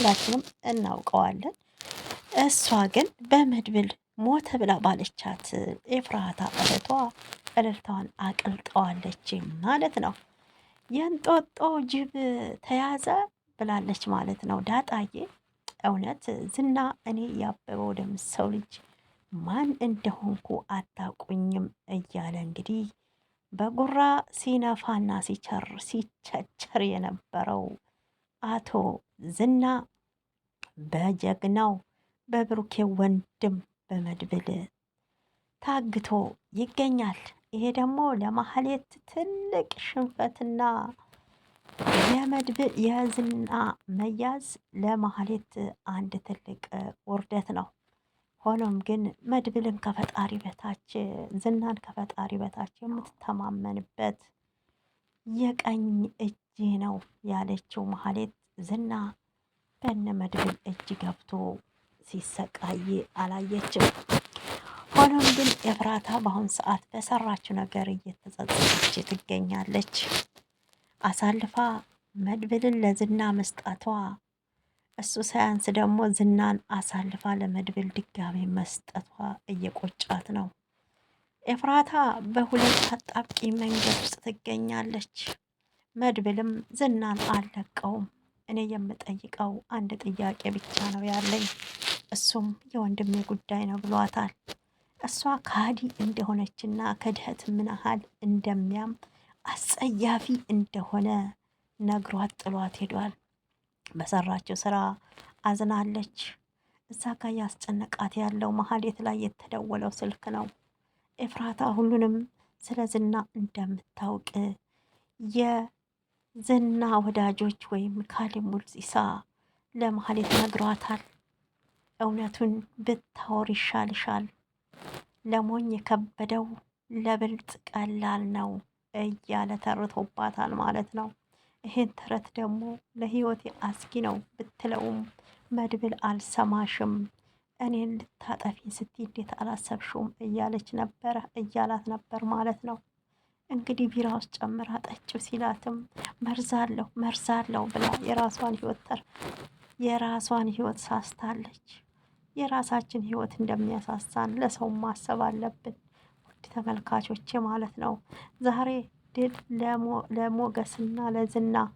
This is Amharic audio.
ሁላችንም እናውቀዋለን። እሷ ግን በመድብል ሞተ ብላ ባለቻት ኤፍራታ እህቷ እልልታዋን አቅልጠዋለች ማለት ነው። የእንጦጦ ጅብ ተያዘ ብላለች ማለት ነው። ዳጣዬ እውነት ዝና፣ እኔ ያበበው ደም ሰው ልጅ ማን እንደሆንኩ አታውቁኝም እያለ እንግዲህ በጉራ ሲነፋና ሲቸር ሲቸቸር የነበረው አቶ ዝና በጀግናው በብሩኬ ወንድም በመድብል ታግቶ ይገኛል። ይሄ ደግሞ ለማህሌት ትልቅ ሽንፈትና የመድብል የዝና መያዝ ለማህሌት አንድ ትልቅ ውርደት ነው። ሆኖም ግን መድብልን ከፈጣሪ በታች ዝናን ከፈጣሪ በታች የምትተማመንበት የቀኝ እጅ ነው ያለችው ማህሌት ዝና በነ መድብል እጅ ገብቶ ሲሰቃይ አላየችም። ሆኖም ግን ኤፍራታ በአሁን ሰዓት በሰራችው ነገር እየተጸጸተች ትገኛለች። አሳልፋ መድብልን ለዝና መስጣቷ እሱ ሳያንስ ደግሞ ዝናን አሳልፋ ለመድብል ድጋሜ መስጠቷ እየቆጫት ነው። ኤፍራታ በሁለት አጣብቂ መንገድ ውስጥ ትገኛለች። መድብልም ዝናን አልለቀውም። እኔ የምጠይቀው አንድ ጥያቄ ብቻ ነው ያለኝ፣ እሱም የወንድሜ ጉዳይ ነው ብሏታል። እሷ ከሃዲ እንደሆነችና ከድኸት ምን ያህል እንደሚያም አስጸያፊ እንደሆነ ነግሯት ጥሏት ሄዷል። በሰራችው ስራ አዝናለች። እዛ ጋር ያስጨነቃት ያለው መሀሌት ላይ የተደወለው ስልክ ነው። ኤፍራታ ሁሉንም ስለ ዝና እንደምታውቅ ዝና ወዳጆች ወይም ካሌብ ሙልሲሳ ለማህሌት ነግሯታል። እውነቱን ብታወር ይሻልሻል፣ ለሞኝ የከበደው ለብልጥ ቀላል ነው እያለ ተርቶባታል ማለት ነው። ይህን ተረት ደግሞ ለህይወቴ አስጊ ነው ብትለውም መድብል አልሰማሽም፣ እኔን ልታጠፊ ስቲ እንዴት አላሰብሽውም እያለች ነበረ እያላት ነበር ማለት ነው። እንግዲህ ቢራ ውስጥ ጨምራ ጠጪው ሲላትም መርዛለሁ መርዛለሁ ብላ የራሷን ህይወት ተር የራሷን ህይወት ሳስታለች። የራሳችን ህይወት እንደሚያሳሳን ለሰው ማሰብ አለብን። ውድ ተመልካቾች ማለት ነው ዛሬ ድል ለሞገስና ለዝና